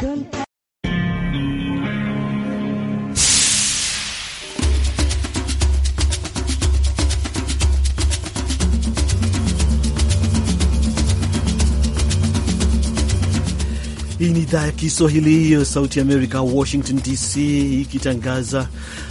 Hii ni idhaa ya Kiswahili ya Sauti ya Amerika, Washington DC, ikitangaza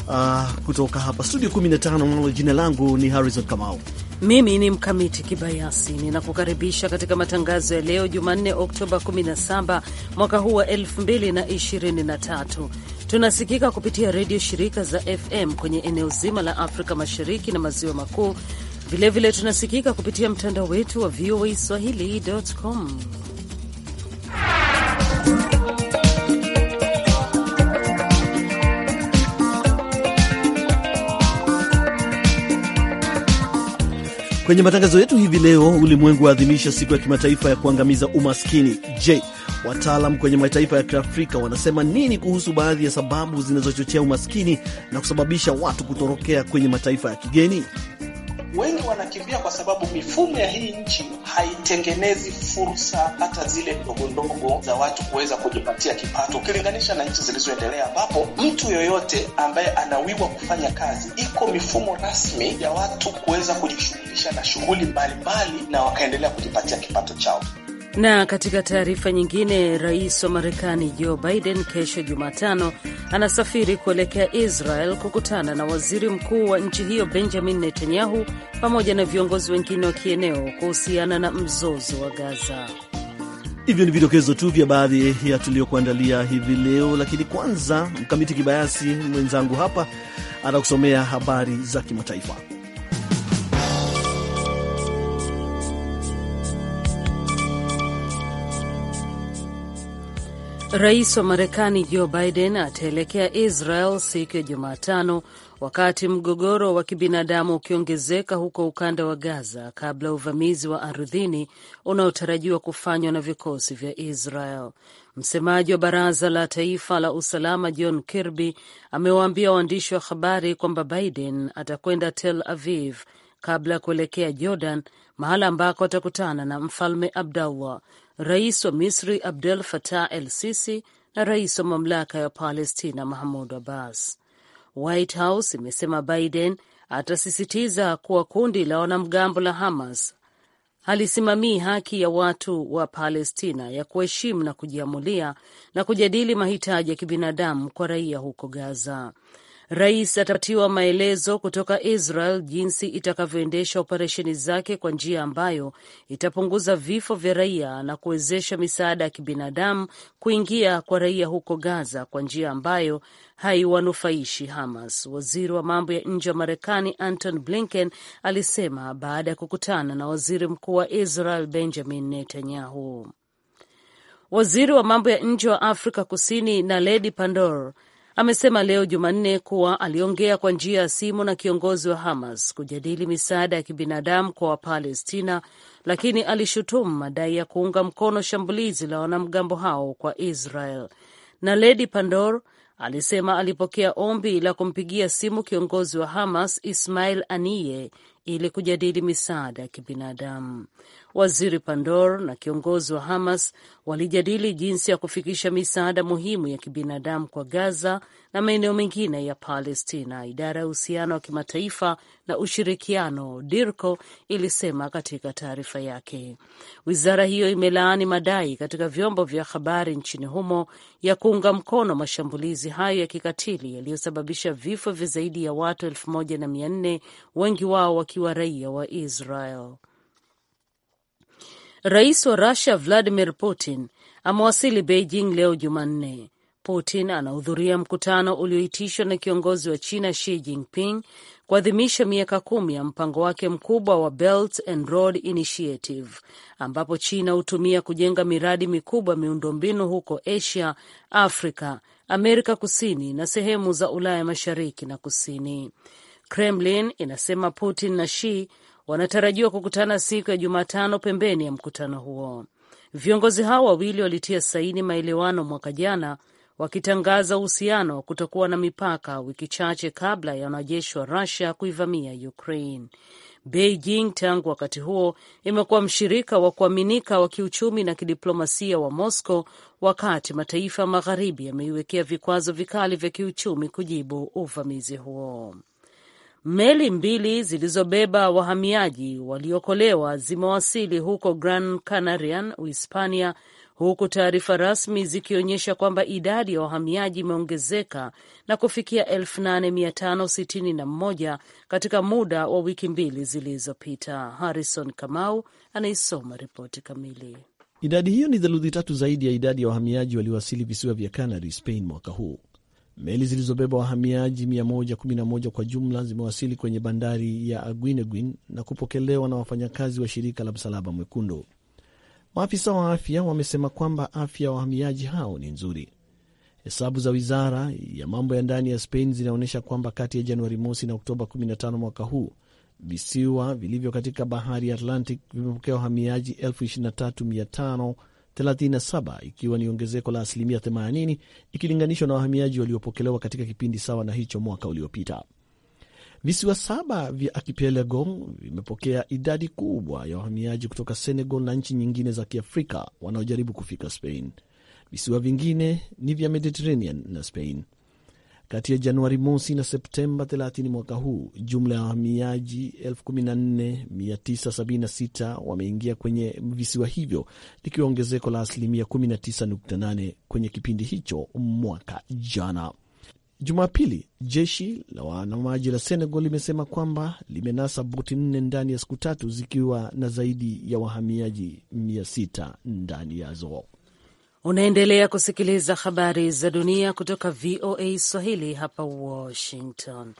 uh, kutoka hapa studio 15. Jina langu ni Harrison Kamau mimi ni Mkamiti Kibayasi, ninakukaribisha katika matangazo ya leo Jumanne, Oktoba 17 mwaka huu wa 2023. Tunasikika kupitia redio shirika za FM kwenye eneo zima la Afrika Mashariki na Maziwa Makuu. Vilevile tunasikika kupitia mtandao wetu wa VOA swahili.com Kwenye matangazo yetu hivi leo, ulimwengu waadhimisha siku ya kimataifa ya kuangamiza umaskini. Je, wataalam kwenye mataifa ya kiafrika wanasema nini kuhusu baadhi ya sababu zinazochochea umaskini na kusababisha watu kutorokea kwenye mataifa ya kigeni? wengi wanakimbia kwa sababu mifumo ya hii nchi haitengenezi fursa hata zile ndogo ndogo za watu kuweza kujipatia kipato, ukilinganisha na nchi zilizoendelea ambapo mtu yoyote ambaye anawiwa kufanya kazi, iko mifumo rasmi ya watu kuweza kujishughulisha na shughuli mbalimbali na wakaendelea kujipatia kipato chao. Na katika taarifa nyingine, rais wa Marekani Joe Biden kesho Jumatano anasafiri kuelekea Israel kukutana na waziri mkuu wa nchi hiyo Benjamin Netanyahu pamoja na viongozi wengine wa kieneo kuhusiana na mzozo wa Gaza. Hivyo ni vidokezo tu vya baadhi ya tuliyokuandalia hivi leo, lakini kwanza Mkamiti Kibayasi mwenzangu hapa atakusomea habari za kimataifa. Rais wa Marekani Joe Biden ataelekea Israel siku ya Jumatano wakati mgogoro wa kibinadamu ukiongezeka huko ukanda wa Gaza kabla ya uvamizi wa ardhini unaotarajiwa kufanywa na vikosi vya Israel. Msemaji wa Baraza la Taifa la Usalama John Kirby amewaambia waandishi wa habari kwamba Biden atakwenda Tel Aviv kabla ya kuelekea Jordan, mahala ambako atakutana na Mfalme Abdullah rais wa Misri Abdel Fattah el Sisi na rais wa mamlaka ya Palestina Mahmud Abbas. White House imesema Biden atasisitiza kuwa kundi la wanamgambo la Hamas halisimamii haki ya watu wa Palestina ya kuheshimu na kujiamulia na kujadili mahitaji ya kibinadamu kwa raia huko Gaza. Rais atapatiwa maelezo kutoka Israel jinsi itakavyoendesha operesheni zake kwa njia ambayo itapunguza vifo vya raia na kuwezesha misaada ya kibinadamu kuingia kwa raia huko Gaza kwa njia ambayo haiwanufaishi Hamas. Waziri wa mambo ya nje wa Marekani Anton Blinken alisema baada ya kukutana na waziri mkuu wa Israel Benjamin Netanyahu. Waziri wa mambo ya nje wa Afrika Kusini Naledi Pandor amesema leo Jumanne kuwa aliongea kwa njia ya simu na kiongozi wa Hamas kujadili misaada ya kibinadamu kwa Wapalestina, lakini alishutumu madai ya kuunga mkono shambulizi la wanamgambo hao kwa Israel. Na Ledi Pandor alisema alipokea ombi la kumpigia simu kiongozi wa Hamas Ismail Aniye ili kujadili misaada ya kibinadamu. Waziri Pandor na kiongozi wa Hamas walijadili jinsi ya kufikisha misaada muhimu ya kibinadamu kwa Gaza na maeneo mengine ya Palestina, idara ya uhusiano wa kimataifa na ushirikiano DIRCO ilisema katika taarifa yake. Wizara hiyo imelaani madai katika vyombo vya habari nchini humo ya kuunga mkono mashambulizi hayo ya kikatili yaliyosababisha vifo vya zaidi ya watu elfu moja na mia nne, wengi wao wakiwa raia wa Israel. Rais wa rusia Vladimir Putin amewasili Beijing leo Jumanne. Putin anahudhuria mkutano ulioitishwa na kiongozi wa China Xi Jinping kuadhimisha miaka kumi ya mpango wake mkubwa wa Belt and Road Initiative, ambapo China hutumia kujenga miradi mikubwa miundombinu huko Asia, Afrika, Amerika Kusini na sehemu za Ulaya Mashariki na Kusini. Kremlin inasema Putin na Xi wanatarajiwa kukutana siku ya Jumatano pembeni ya mkutano huo. Viongozi hao wawili walitia saini maelewano mwaka jana wakitangaza uhusiano wa kutokuwa na mipaka, wiki chache kabla ya wanajeshi wa Rusia kuivamia Ukraine. Beijing tangu wakati huo imekuwa mshirika wa kuaminika wa kiuchumi na kidiplomasia wa Moscow, wakati mataifa magharibi yameiwekea vikwazo vikali vya kiuchumi kujibu uvamizi huo. Meli mbili zilizobeba wahamiaji waliokolewa zimewasili huko Gran Canarian, Uhispania, huku taarifa rasmi zikionyesha kwamba idadi ya wahamiaji imeongezeka na kufikia 8561 katika muda wa wiki mbili zilizopita. Harrison Kamau anaisoma ripoti kamili. Idadi hiyo ni theluthi tatu zaidi ya idadi ya wahamiaji waliowasili visiwa vya Canary, Spain, mwaka huu. Meli zilizobeba wahamiaji 111 kwa jumla zimewasili kwenye bandari ya Aguineguin na kupokelewa na wafanyakazi wa shirika la Msalaba Mwekundu. Maafisa wa afya wamesema kwamba afya ya wahamiaji hao ni nzuri. Hesabu za wizara ya mambo ya ndani ya Spain zinaonyesha kwamba kati ya Januari mosi na Oktoba 15 mwaka huu visiwa vilivyo katika bahari ya Atlantic vimepokea wahamiaji 23500 37 ikiwa ni ongezeko la asilimia 80 ikilinganishwa na wahamiaji waliopokelewa katika kipindi sawa na hicho mwaka uliopita. Visiwa saba vya akipelego vimepokea idadi kubwa ya wahamiaji kutoka Senegal na nchi nyingine za Kiafrika wanaojaribu kufika Spain. Visiwa vingine ni vya Mediterranean na Spain. Kati ya Januari mosi na Septemba 30 mwaka huu, jumla ya wahamiaji 14976 wameingia kwenye visiwa hivyo, likiwa ongezeko la asilimia 19.8 kwenye kipindi hicho mwaka jana. Jumapili, jeshi la wanamaji la Senegal limesema kwamba limenasa boti nne ndani ya siku tatu zikiwa na zaidi ya wahamiaji 600 ndani yazo. Unaendelea kusikiliza habari za dunia kutoka VOA Swahili hapa Washington.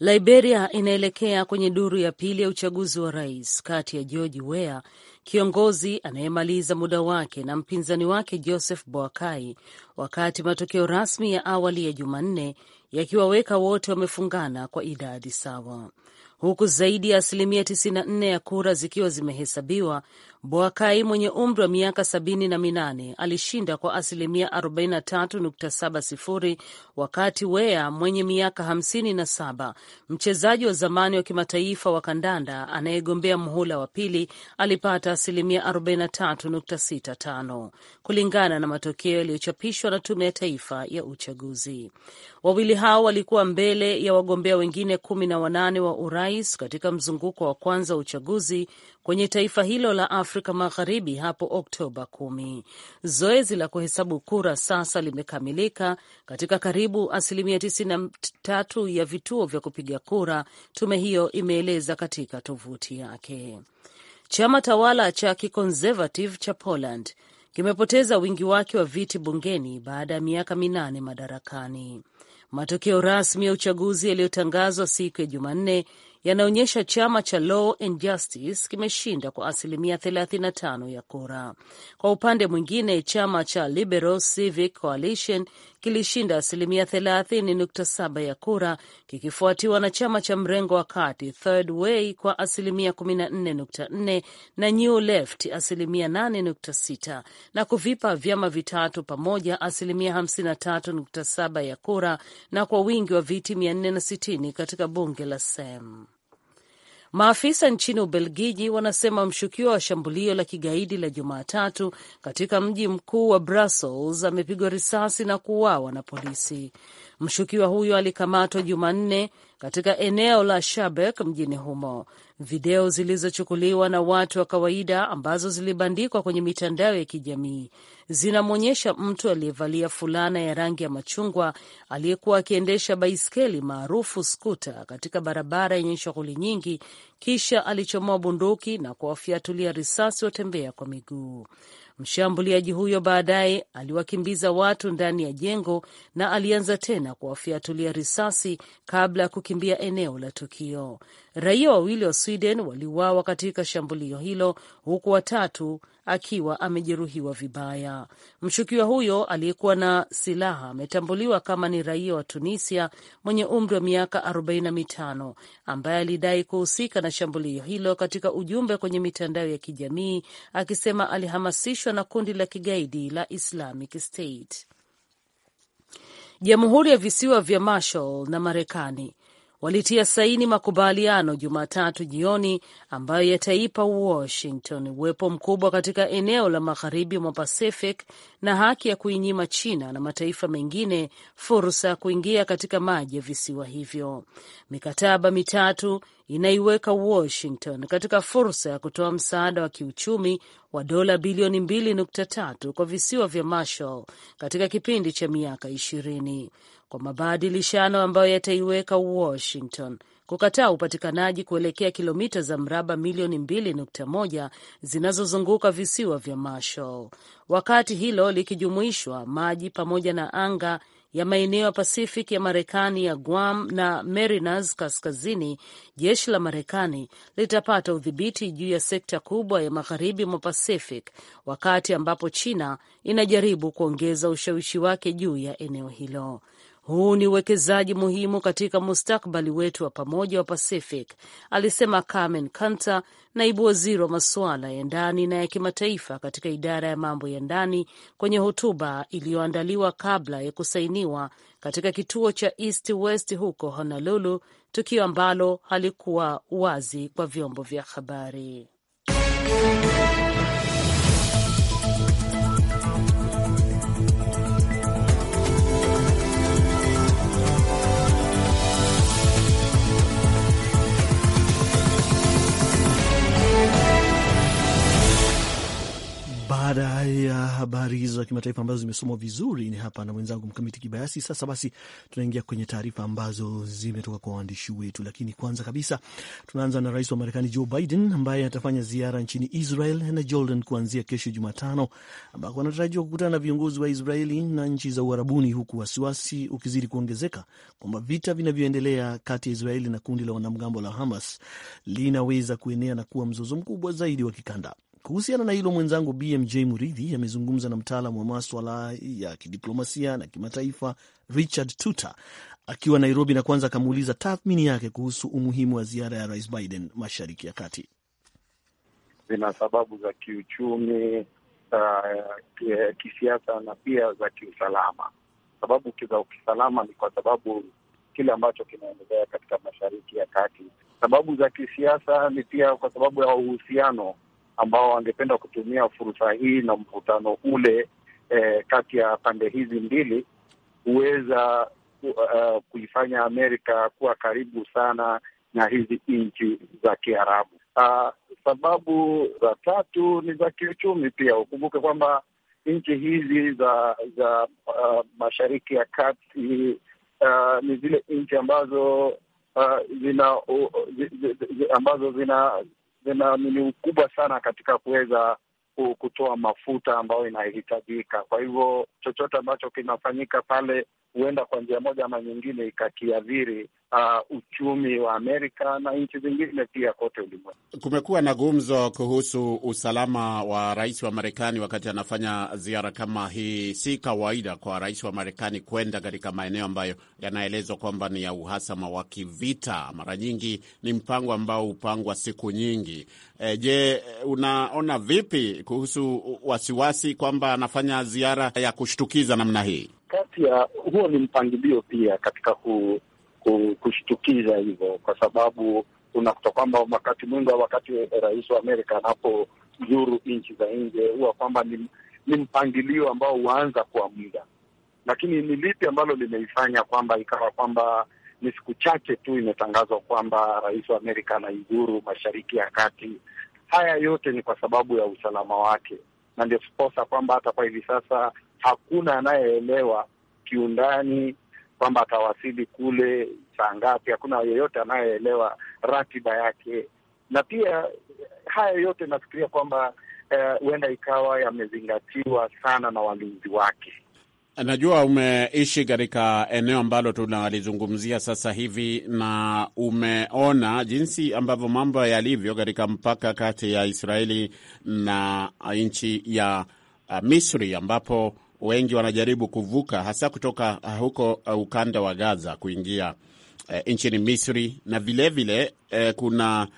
Liberia inaelekea kwenye duru ya pili ya uchaguzi wa rais kati ya George Weah, kiongozi anayemaliza muda wake, na mpinzani wake Joseph Boakai, wakati matokeo rasmi ya awali ya Jumanne yakiwaweka wote wamefungana kwa idadi sawa, huku zaidi ya asilimia 94 ya kura zikiwa zimehesabiwa. Boakai mwenye umri wa miaka sabini na minane alishinda kwa asilimia 43.70 wakati Wea mwenye miaka 57 mchezaji wa zamani wa kimataifa wa kandanda anayegombea mhula wa pili alipata asilimia 43.65 kulingana na matokeo yaliyochapishwa na Tume ya Taifa ya Uchaguzi. Wawili hao walikuwa mbele ya wagombea wengine kumi na wanane wa urais katika mzunguko wa kwanza wa uchaguzi kwenye taifa hilo la Afrika Magharibi hapo Oktoba kumi. Zoezi la kuhesabu kura sasa limekamilika katika karibu asilimia 93 ya vituo vya kupiga kura, tume hiyo imeeleza katika tovuti yake. Chama tawala cha kiconservative cha Poland kimepoteza wingi wake wa viti bungeni baada ya miaka minane madarakani. Matokeo rasmi ya uchaguzi yaliyotangazwa siku ya Jumanne yanaonyesha chama cha Law and Justice kimeshinda kwa asilimia 35 ya kura. Kwa upande mwingine, chama cha Liberal Civic Coalition kilishinda asilimia 30.7 ya kura kikifuatiwa na chama cha mrengo wa kati Third Way kwa asilimia 14.4 na New Left asilimia 8.6 na kuvipa vyama vitatu pamoja asilimia 53.7 ya kura na kwa wingi wa viti 460 katika bunge la Sem. Maafisa nchini Ubelgiji wanasema mshukiwa wa shambulio la kigaidi la Jumatatu katika mji mkuu wa Brussels amepigwa risasi na kuuawa na polisi. Mshukiwa huyo alikamatwa Jumanne katika eneo la Shabek mjini humo. Video zilizochukuliwa na watu wa kawaida ambazo zilibandikwa kwenye mitandao ya kijamii zinamwonyesha mtu aliyevalia fulana ya rangi ya machungwa aliyekuwa akiendesha baiskeli maarufu skuta katika barabara yenye shughuli nyingi, kisha alichomoa bunduki na kuwafyatulia risasi watembea kwa miguu. Mshambuliaji huyo baadaye aliwakimbiza watu ndani ya jengo na alianza tena kuwafyatulia risasi kabla ya kukimbia eneo la tukio. Raia wawili wa Sweden waliuawa katika shambulio hilo huku watatu akiwa amejeruhiwa vibaya. Mshukiwa huyo aliyekuwa na silaha ametambuliwa kama ni raia wa Tunisia mwenye umri wa miaka 45 ambaye alidai kuhusika na shambulio hilo katika ujumbe kwenye mitandao ya kijamii akisema alihamasishwa na kundi la kigaidi la Islamic State. Jamhuri ya Visiwa vya Marshall na Marekani walitia saini makubaliano Jumatatu jioni ambayo yataipa Washington uwepo mkubwa katika eneo la magharibi mwa Pacific na haki ya kuinyima China na mataifa mengine fursa ya kuingia katika maji ya visiwa hivyo. Mikataba mitatu inaiweka Washington katika fursa ya kutoa msaada wa kiuchumi wa dola bilioni 2.3 kwa visiwa vya Marshall katika kipindi cha miaka ishirini kwa mabadilishano ambayo yataiweka Washington kukataa upatikanaji kuelekea kilomita za mraba milioni 2.1 zinazozunguka visiwa vya Marshall, wakati hilo likijumuishwa maji pamoja na anga ya maeneo ya Pacific ya Marekani ya Guam na merinas Kaskazini, jeshi la Marekani litapata udhibiti juu ya sekta kubwa ya magharibi mwa Pacific, wakati ambapo China inajaribu kuongeza ushawishi wake juu ya eneo hilo. Huu ni uwekezaji muhimu katika mustakbali wetu wa pamoja wa Pacific, alisema Carmen canter naibu waziri wa masuala ya ndani na ya kimataifa katika idara ya mambo ya ndani, kwenye hotuba iliyoandaliwa kabla ya kusainiwa katika kituo cha East West huko Honolulu, tukio ambalo halikuwa wazi kwa vyombo vya habari. za kimataifa ambazo zimesomwa vizuri ni hapa na mwenzangu Mkamiti Kibayasi. Sasa basi, tunaingia kwenye taarifa ambazo zimetoka kwa waandishi wetu, lakini kwanza kabisa tunaanza na rais wa Marekani Joe Biden ambaye atafanya ziara nchini Israel na Jordan kuanzia kesho Jumatano, ambako anatarajiwa kukutana na viongozi wa Israeli na nchi za Uarabuni, huku wasiwasi ukizidi kuongezeka kwamba vita vinavyoendelea kati ya Israeli na kundi la wanamgambo la Hamas linaweza kuenea na kuwa mzozo mkubwa zaidi wa kikanda. Kuhusiana na hilo, mwenzangu BMJ Muridhi amezungumza na mtaalamu wa maswala ya kidiplomasia na kimataifa Richard Tuta akiwa Nairobi, na kwanza akamuuliza tathmini yake kuhusu umuhimu wa ziara ya Rais Biden Mashariki ya Kati. Zina sababu za kiuchumi, uh, kisiasa na pia za kiusalama. Sababu za kiusalama ni kwa sababu kile ambacho kinaendelea katika Mashariki ya Kati. Sababu za kisiasa ni pia kwa sababu ya uhusiano ambao wangependa kutumia fursa hii na mvutano ule eh, kati ya pande hizi mbili huweza uh, eh, eh, kuifanya Amerika kuwa karibu sana na hizi nchi za Kiarabu. Uh, sababu za tatu ni za kiuchumi pia. Ukumbuke kwamba nchi hizi za za uh, Mashariki ya Kati uh, ni zile nchi ambazo uh, zina uh, zi, zi, zi, ambazo zina zina ukubwa sana katika kuweza kutoa mafuta ambayo inahitajika. Kwa hivyo chochote ambacho kinafanyika pale huenda kwa njia moja ama nyingine ikakiadhiri uh, uchumi wa Amerika na nchi zingine pia kote ulimwengu. Kumekuwa na gumzo kuhusu usalama wa rais wa Marekani wakati anafanya ziara kama hii. Si kawaida kwa rais wa Marekani kwenda katika maeneo ambayo yanaelezwa kwamba ni ya uhasama wa kivita. Mara nyingi ni mpango ambao hupangwa siku nyingi. E, je, unaona vipi kuhusu wasiwasi kwamba anafanya ziara ya kushtukiza namna hii? kati ya huo ni mpangilio pia katika ku, ku, kushtukiza hivyo, kwa sababu unakuta kwamba wakati mwingi wa wakati rais wa Amerika anapozuru nchi za nje huwa kwamba ni, ni mpangilio ambao huanza kwa muda, lakini ni lipi ambalo limeifanya kwamba ikawa kwamba ni siku chache tu imetangazwa kwamba rais wa Amerika anaizuru Mashariki ya Kati. Haya yote ni kwa sababu ya usalama wake, na ndio sposa kwamba hata kwa hivi sasa hakuna anayeelewa kiundani kwamba atawasili kule saa ngapi. Hakuna yeyote anayeelewa ratiba yake, na pia haya yote nafikiria kwamba eh, huenda uh, ikawa yamezingatiwa sana na walinzi wake. Najua umeishi katika eneo ambalo tunalizungumzia sasa hivi na umeona jinsi ambavyo mambo yalivyo katika mpaka kati ya Israeli na nchi ya eh, Misri ambapo wengi wanajaribu kuvuka hasa kutoka uh, huko uh, ukanda wa Gaza kuingia e, nchini Misri na vilevile vile, e, kuna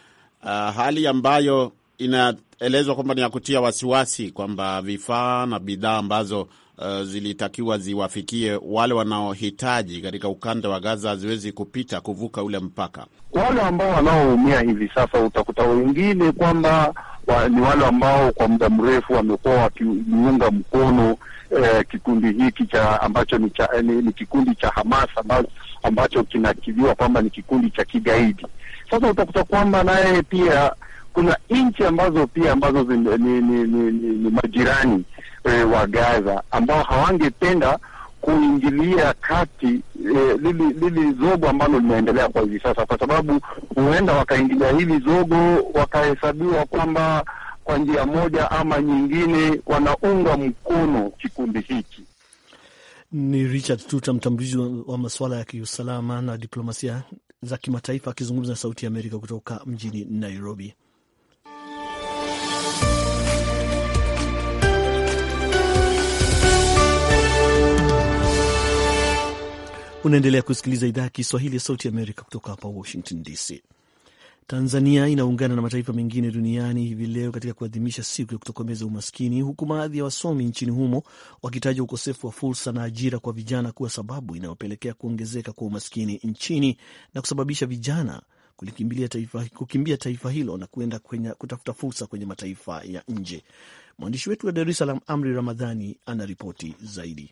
a, hali ambayo inaelezwa kwamba ni ya kutia wasiwasi kwamba vifaa na bidhaa ambazo uh, zilitakiwa ziwafikie wale wanaohitaji katika ukanda wa Gaza haziwezi kupita kuvuka ule mpaka. Wale ambao wanaoumia hivi sasa, utakuta wengine kwamba wa, ni wale ambao kwa muda mrefu wamekuwa wakiunga mkono eh, kikundi hiki cha ambacho ni, cha, ni, ni kikundi cha Hamas ambacho, ambacho kinakiliwa kwamba ni kikundi cha kigaidi. Sasa utakuta kwamba naye pia kuna nchi ambazo pia ambazo zin, ni, ni, ni, ni, ni majirani e, wa Gaza ambao hawangependa kuingilia kati e, lili, lili zogo ambalo linaendelea kwa hivi sasa, kwa sababu huenda wakaingilia hili zogo wakahesabiwa kwamba kwa njia moja ama nyingine wanaunga mkono kikundi hiki. Ni Richard Tuta, mtambulizi wa masuala ya kiusalama na diplomasia za kimataifa, akizungumza na Sauti ya Amerika kutoka mjini Nairobi. Unaendelea kusikiliza idhaa ya Kiswahili ya Sauti Amerika kutoka hapa Washington DC. Tanzania inaungana na mataifa mengine duniani hivi leo katika kuadhimisha siku ya kutokomeza umaskini, huku baadhi ya wasomi nchini humo wakitaja ukosefu wa fursa na ajira kwa vijana kuwa sababu inayopelekea kuongezeka kwa umaskini nchini na kusababisha vijana taifa, kukimbia taifa hilo na kuenda kwenye, kutafuta fursa kwenye mataifa ya nje. Mwandishi wetu wa Dar es Salaam, Amri Ramadhani, ana ripoti zaidi.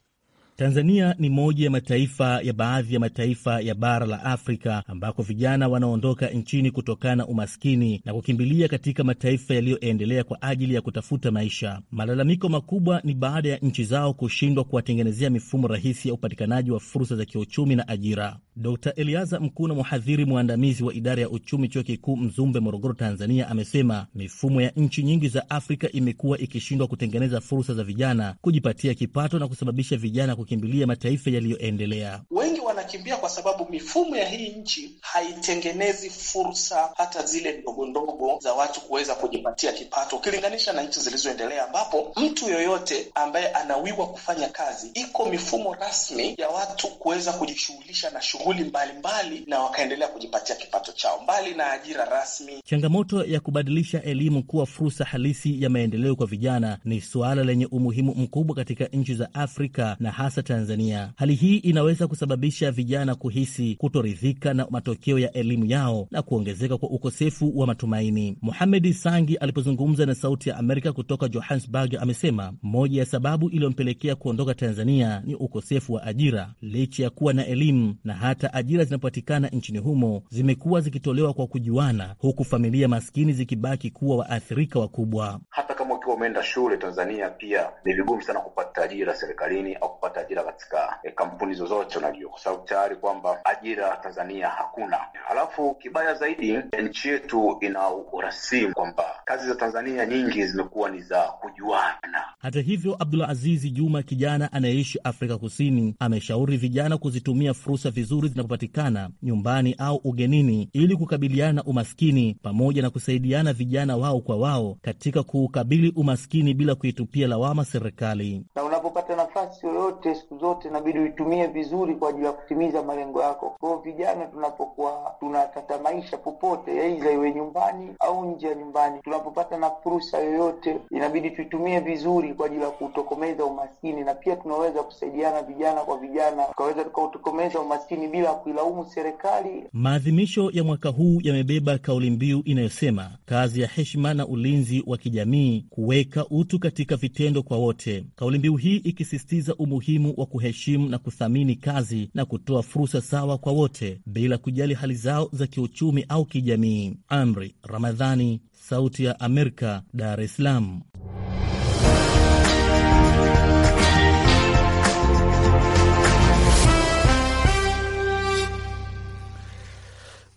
Tanzania ni moja ya mataifa ya baadhi ya mataifa ya bara la Afrika ambako vijana wanaondoka nchini kutokana na umaskini na kukimbilia katika mataifa yaliyoendelea kwa ajili ya kutafuta maisha. Malalamiko makubwa ni baada ya nchi zao kushindwa kuwatengenezea mifumo rahisi ya upatikanaji wa fursa za kiuchumi na ajira. Dkt Eliaza Mkuna, mhadhiri mwandamizi wa idara ya uchumi, chuo kikuu Mzumbe, Morogoro, Tanzania, amesema mifumo ya nchi nyingi za Afrika imekuwa ikishindwa kutengeneza fursa za vijana kujipatia kipato na kusababisha vijana kukimbilia mataifa yaliyoendelea. Wengi wanakimbia kwa sababu mifumo ya hii nchi haitengenezi fursa hata zile ndogo ndogo za watu kuweza kujipatia kipato ukilinganisha na nchi zilizoendelea, ambapo mtu yoyote ambaye anawiwa kufanya kazi, iko mifumo rasmi ya watu kuweza kujishughulisha na shughuli mbalimbali na wakaendelea kujipatia kipato chao, mbali na ajira rasmi. Changamoto ya kubadilisha elimu kuwa fursa halisi ya maendeleo kwa vijana ni suala lenye umuhimu mkubwa katika nchi za Afrika na hasa Tanzania. Hali hii inaweza kusababisha licha ya vijana kuhisi kutoridhika na matokeo ya elimu yao na kuongezeka kwa ukosefu wa matumaini. Muhamedi Sangi alipozungumza na Sauti ya Amerika kutoka Johannesburg amesema moja ya sababu iliyompelekea kuondoka Tanzania ni ukosefu wa ajira. Licha ya kuwa na elimu na hata ajira zinapatikana nchini humo, zimekuwa zikitolewa kwa kujuana, huku familia maskini zikibaki kuwa waathirika wakubwa hata ukiwa umeenda shule Tanzania pia ni vigumu sana kupata ajira serikalini au kupata ajira katika e, kampuni zozote, unajua kwa sababu tayari kwamba ajira Tanzania hakuna. Alafu kibaya zaidi, nchi yetu ina urasimu kwamba kazi za Tanzania nyingi zimekuwa ni za kujuana. Hata hivyo, Abdul Azizi Juma, kijana anayeishi Afrika Kusini, ameshauri vijana kuzitumia fursa vizuri zinapopatikana nyumbani au ugenini, ili kukabiliana na umaskini pamoja na kusaidiana vijana wao kwa wao katika kuukabili umaskini bila kuitupia lawama serikali. Na unapopata nafasi yoyote siku zote inabidi uitumie vizuri kwa ajili ya kutimiza malengo yako. Kwa hiyo vijana, tunapokuwa tunatata maisha popote, aidha iwe nyumbani au nje ya nyumbani, tunapopata na fursa yoyote, inabidi tuitumie vizuri kwa ajili ya kutokomeza umaskini, na pia tunaweza kusaidiana vijana kwa vijana, tukaweza tukautokomeza umaskini bila kuilaumu serikali. Maadhimisho ya mwaka huu yamebeba kauli mbiu inayosema kazi ya heshima na ulinzi wa kijamii, kuweka utu katika vitendo kwa wote. Kauli mbiu hii ikisisitiza alisisitiza umuhimu wa kuheshimu na kuthamini kazi na kutoa fursa sawa kwa wote bila kujali hali zao za kiuchumi au kijamii. Amri Ramadhani, Sauti ya Amerika, Dar es Salaam.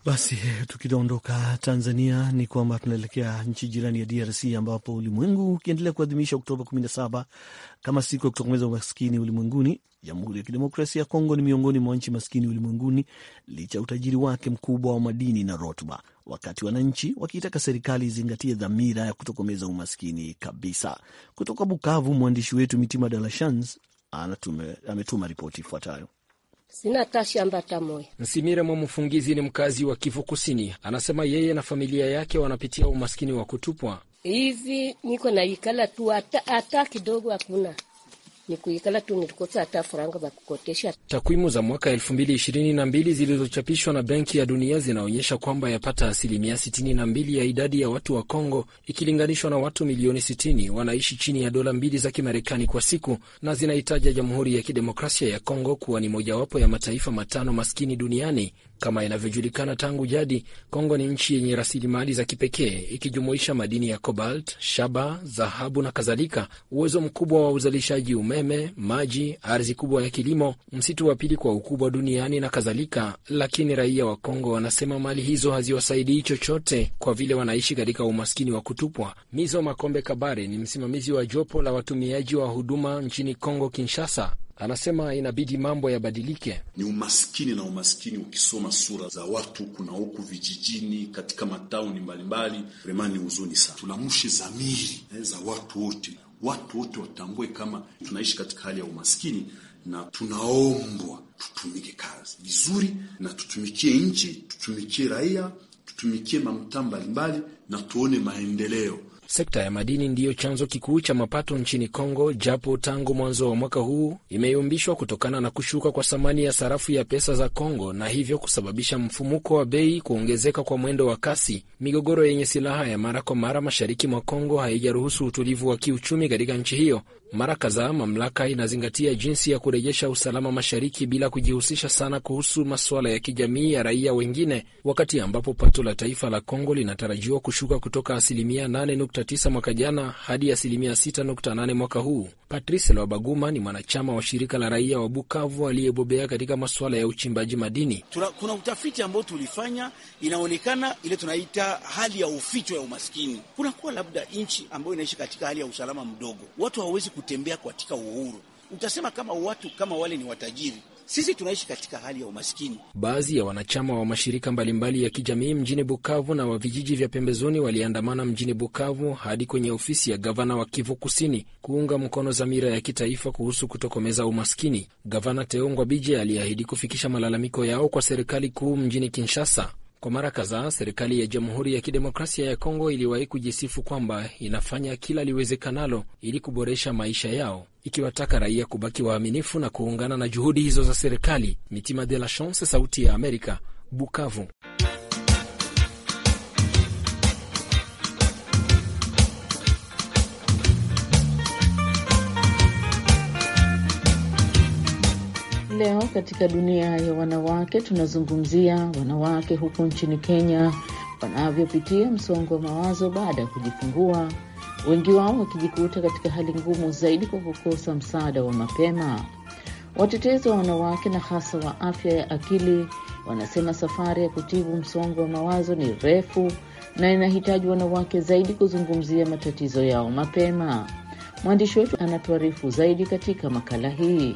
Basi eh, tukidondoka Tanzania ni kwamba tunaelekea nchi jirani ya DRC ambapo ulimwengu ukiendelea kuadhimisha Oktoba 17 kama siku ya kutokomeza umaskini ulimwenguni, Jamhuri ya Kidemokrasia ya Kongo ni miongoni mwa nchi maskini ulimwenguni licha ya utajiri wake mkubwa wa madini na rutuba, wakati wananchi wakiitaka serikali izingatie dhamira ya kutokomeza umaskini kabisa. Kutoka Bukavu, mwandishi wetu Mitima Dalashans ametuma ripoti ifuatayo sina hata shamba hata moya. Nsimira ni mkazi wa Kivu Kusini, anasema yeye na familia yake wanapitia umaskini wa kutupwa. Hivi niko naikala tu, hata kidogo hakuna ni kuikala tu nilikosa hata faranga za kukotesha. Takwimu za mwaka elfu mbili ishirini na mbili zilizochapishwa na Benki ya Dunia zinaonyesha kwamba yapata asilimia sitini na mbili ya idadi ya watu wa Kongo ikilinganishwa na watu milioni sitini wanaishi chini ya dola mbili za Kimarekani kwa siku, na zinaitaja Jamhuri ya Kidemokrasia ya Kongo kuwa ni mojawapo ya mataifa matano maskini duniani. Kama inavyojulikana tangu jadi, Kongo ni nchi yenye rasilimali za kipekee ikijumuisha madini ya cobalt, shaba, dhahabu na kadhalika, uwezo mkubwa wa uzalishaji umeme, maji, ardhi kubwa ya kilimo, msitu wa pili kwa ukubwa duniani na kadhalika. Lakini raia wa Kongo wanasema mali hizo haziwasaidii chochote kwa vile wanaishi katika umaskini wa kutupwa. Mizo Makombe Kabare ni msimamizi wa jopo la watumiaji wa huduma nchini Kongo Kinshasa. Anasema inabidi mambo yabadilike. Ni umaskini na umaskini, ukisoma sura za watu kuna huku vijijini, katika matauni mbalimbali, vrema ni huzuni sana. tulamushe zamiri eh, za watu wote, watu wote watambue kama tunaishi katika hali ya umaskini na tunaombwa tutumike kazi vizuri na tutumikie nchi, tutumikie raia, tutumikie mamtaa mbalimbali na tuone maendeleo. Sekta ya madini ndiyo chanzo kikuu cha mapato nchini Kongo, japo tangu mwanzo wa mwaka huu imeyumbishwa kutokana na kushuka kwa thamani ya sarafu ya pesa za Kongo na hivyo kusababisha mfumuko wa bei, kuongezeka kwa mwendo wa kasi, migogoro yenye silaha ya mara kwa mara mashariki mwa Kongo haijaruhusu utulivu wa kiuchumi katika nchi hiyo. Mara kadhaa mamlaka inazingatia jinsi ya kurejesha usalama mashariki bila kujihusisha sana kuhusu masuala ya kijamii ya raia wengine, wakati ambapo pato la taifa la Kongo linatarajiwa kushuka kutoka asilimia 8.9 mwaka jana hadi asilimia 6.8 mwaka huu. Patrice Lwabaguma ni mwanachama wa shirika la raia wa Bukavu aliyebobea katika masuala ya uchimbaji madini. Tuna, kuna utafiti ambao tulifanya, inaonekana ile tunaita hali ya uficho ya umaskini. Kunakuwa labda nchi ambayo inaishi katika hali ya usalama mdogo, watu hawawezi kutembea katika uhuru. Utasema kama watu kama wale ni watajiri, sisi tunaishi katika hali ya umaskini. Baadhi ya wanachama wa mashirika mbalimbali ya kijamii mjini Bukavu na wa vijiji vya pembezoni waliandamana mjini Bukavu hadi kwenye ofisi ya gavana wa Kivu Kusini kuunga mkono dhamira ya kitaifa kuhusu kutokomeza umaskini. Gavana Teongwa Bije aliahidi kufikisha malalamiko yao kwa serikali kuu mjini Kinshasa. Kwa mara kadhaa, serikali ya Jamhuri ya Kidemokrasia ya Kongo iliwahi kujisifu kwamba inafanya kila liwezekanalo ili kuboresha maisha yao, ikiwataka raia kubaki waaminifu na kuungana na juhudi hizo za serikali. Mitima de la Chance, Sauti ya Amerika, Bukavu. leo katika dunia ya wanawake tunazungumzia wanawake huko nchini Kenya wanavyopitia msongo wa mawazo baada ya kujifungua, wengi wao wakijikuta katika hali ngumu zaidi kwa kukosa msaada wa mapema. Watetezi wa wanawake na hasa wa afya ya akili wanasema safari ya kutibu msongo wa mawazo ni refu na inahitaji wanawake zaidi kuzungumzia matatizo yao mapema. Mwandishi wetu anatuarifu zaidi katika makala hii.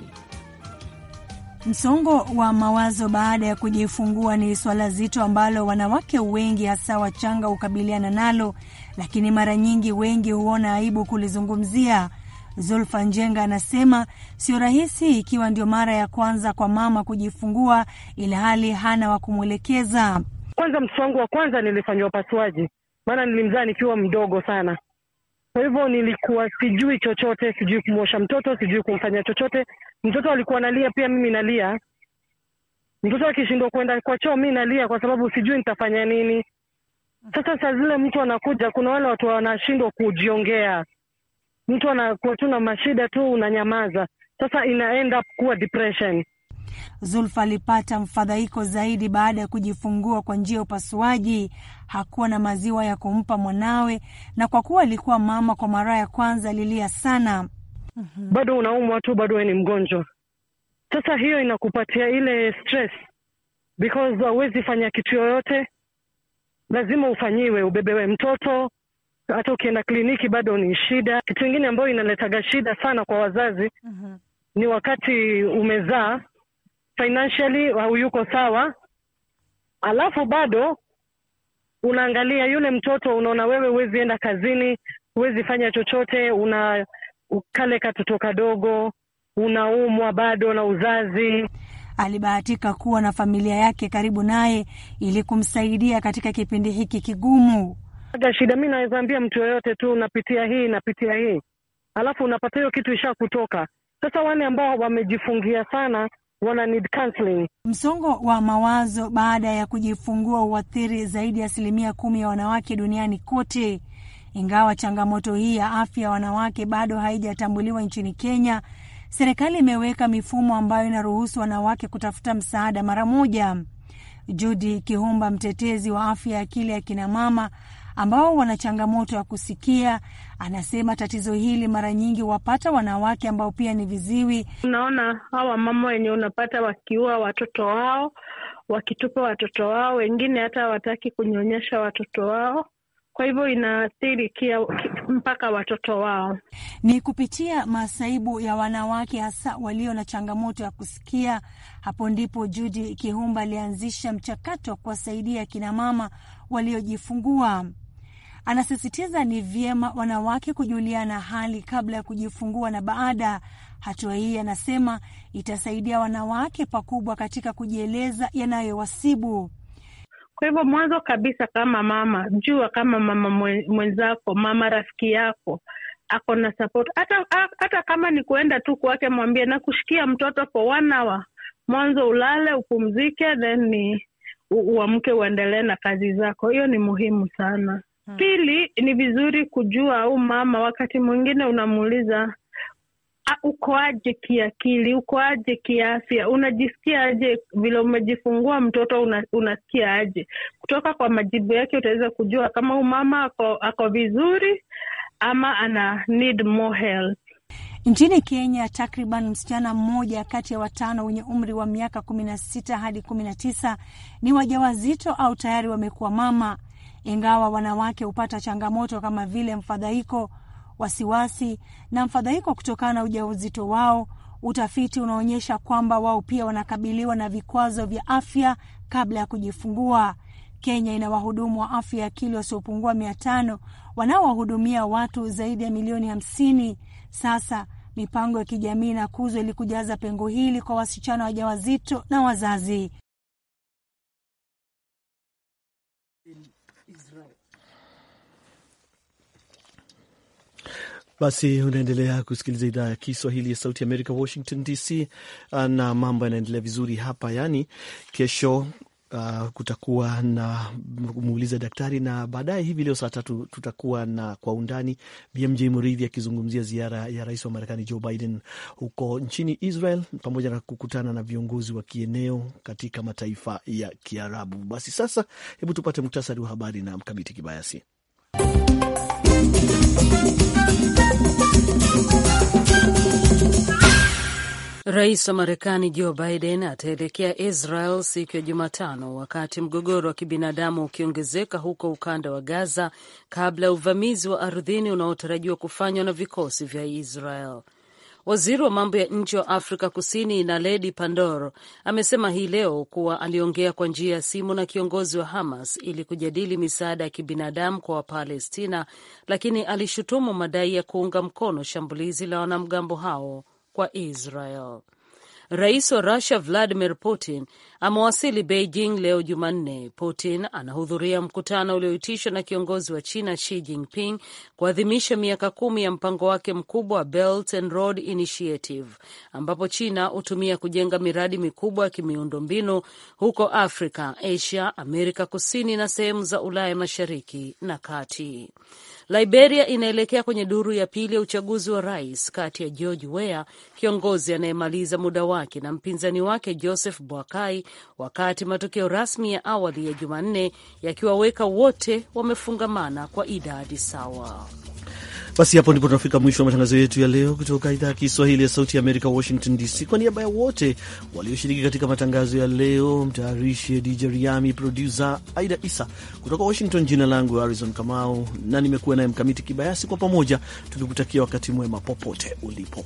Msongo wa mawazo baada ya kujifungua ni swala zito ambalo wanawake wengi hasa wachanga hukabiliana nalo, lakini mara nyingi wengi huona aibu kulizungumzia. Zulfa Njenga anasema sio rahisi ikiwa ndio mara ya kwanza kwa mama kujifungua, ila hali hana wa kumwelekeza. Kwanza mtoto wangu wa kwanza nilifanyiwa upasuaji, maana nilimzaa nikiwa mdogo sana kwa hivyo nilikuwa sijui chochote, sijui kumwosha mtoto, sijui kumfanya chochote. Mtoto alikuwa nalia, pia mimi nalia. Mtoto akishindwa kuenda kwa choo, mi nalia kwa sababu sijui nitafanya nini. Sasa saa zile mtu anakuja, kuna wale watu wanashindwa kujiongea, mtu anakuwa tu na mashida tu, unanyamaza. Sasa ina end up kuwa depression. Zulfa alipata mfadhaiko zaidi baada ya kujifungua kwa njia ya upasuaji. Hakuwa na maziwa ya kumpa mwanawe, na kwa kuwa alikuwa mama kwa mara ya kwanza, alilia sana. Mhm. Bado unaumwa tu, bado ni mgonjwa. Sasa hiyo inakupatia ile stress because hauwezi fanya kitu yoyote, lazima ufanyiwe, ubebewe mtoto hata ukienda kliniki bado ni shida. Kitu ingine ambayo inaletaga shida sana kwa wazazi mm -hmm. ni wakati umezaa financially hauyuko sawa, alafu bado unaangalia yule mtoto, unaona wewe huwezi enda kazini, huwezi fanya chochote, una kale katoto kadogo, unaumwa bado na uzazi. Alibahatika kuwa na familia yake karibu naye ili kumsaidia katika kipindi hiki kigumu. Shida mi naweza ambia mtu yoyote tu, napitia hii, napitia hii, alafu unapata hiyo kitu ishakutoka. kutoka. Sasa wale ambao wamejifungia sana wana need counseling. Msongo wa mawazo baada ya kujifungua huathiri zaidi ya asilimia kumi ya wanawake duniani kote. Ingawa changamoto hii ya afya ya wanawake bado haijatambuliwa nchini Kenya, serikali imeweka mifumo ambayo inaruhusu wanawake kutafuta msaada mara moja. judi Kihumba, mtetezi wa afya ya akili ya kinamama, ambao wana changamoto ya kusikia. Anasema tatizo hili mara nyingi wapata wanawake ambao pia ni viziwi. Unaona hawa mama wenye unapata wakiua watoto wao, wakitupa watoto wao, wengine hata hawataki kunyonyesha watoto wao kwa hivyo inaathiri kia mpaka watoto wao. Ni kupitia masaibu ya wanawake hasa walio na changamoto ya kusikia. Hapo ndipo judi Kihumba alianzisha mchakato wa kuwasaidia kinamama waliojifungua. Anasisitiza ni vyema wanawake kujuliana hali kabla ya kujifungua na baada. Hatua hii, anasema, itasaidia wanawake pakubwa katika kujieleza yanayowasibu. Kwa hivyo mwanzo kabisa, kama mama, jua kama mama mwenzako, mama rafiki yako ako na support, hata hata kama ni kuenda tu kwake, mwambie nakushikia mtoto for one hour, mwanzo ulale upumzike, then ni uamke uendelee na kazi zako. Hiyo ni muhimu sana. Hmm. Pili, ni vizuri kujua au mama, wakati mwingine unamuuliza ukoaje kiakili, ukoaje kiafya, unajisikia aje vile umejifungua mtoto una, unasikia aje? Kutoka kwa majibu yake utaweza kujua kama huu mama ako, ako vizuri ama ana need more help. Nchini Kenya, takriban msichana mmoja kati ya watano wenye umri wa miaka kumi na sita hadi kumi na tisa ni wajawazito au tayari wamekuwa mama, ingawa wanawake hupata changamoto kama vile mfadhaiko wasiwasi na mfadhaiko kutokana na ujauzito wao. Utafiti unaonyesha kwamba wao pia wanakabiliwa na vikwazo vya afya kabla ya kujifungua. Kenya ina wahudumu wa afya ya akili wasiopungua mia tano wanaowahudumia watu zaidi ya milioni hamsini. Sasa mipango ya kijamii inakuzwa ili kujaza pengo hili kwa wasichana wajawazito na wazazi. Basi unaendelea kusikiliza idhaa ya Kiswahili ya Sauti Amerika, Washington DC, ah, na mambo yanaendelea vizuri hapa. Yani kesho Uh, kutakuwa na muuliza daktari na baadaye hivi leo saa tatu tutakuwa na kwa undani BMJ Muridhi akizungumzia ziara ya rais wa Marekani Joe Biden huko nchini Israel pamoja na kukutana na viongozi wa kieneo katika mataifa ya Kiarabu. Basi sasa, hebu tupate muktasari wa habari na Mkamiti Kibayasi. Rais wa Marekani Joe Biden ataelekea Israel siku ya Jumatano, wakati mgogoro wa kibinadamu ukiongezeka huko ukanda wa Gaza, kabla ya uvamizi wa ardhini unaotarajiwa kufanywa na vikosi vya Israel. Waziri wa mambo ya nje wa Afrika Kusini Naledi Pandor amesema hii leo kuwa aliongea kwa njia ya simu na kiongozi wa Hamas ili kujadili misaada ya kibinadamu kwa Wapalestina, lakini alishutumu madai ya kuunga mkono shambulizi la wanamgambo hao kwa Israel. Rais wa Rusia Vladimir Putin amewasili Beijing leo Jumanne. Putin anahudhuria mkutano ulioitishwa na kiongozi wa China Xi Jinping kuadhimisha miaka kumi ya mpango wake mkubwa wa Belt and Road Initiative, ambapo China hutumia kujenga miradi mikubwa ya kimiundombinu huko Afrika, Asia, Amerika Kusini na sehemu za Ulaya Mashariki na Kati. Liberia inaelekea kwenye duru ya pili ya uchaguzi wa rais kati ya George Weah, kiongozi anayemaliza muda wake, na mpinzani wake Joseph Boakai, wakati matokeo rasmi ya awali ya Jumanne yakiwaweka wote wamefungamana kwa idadi sawa. Basi hapo ndipo tunafika mwisho wa matangazo yetu ya leo kutoka idhaa ya Kiswahili ya Sauti ya Amerika, Washington DC. Kwa niaba ya wote walioshiriki katika matangazo ya leo, mtayarishi DJ Riami, produsa Aida Isa kutoka Washington, jina langu Harrison Kamau na nimekuwa naye Mkamiti Kibayasi, kwa pamoja tukikutakia wakati mwema popote ulipo.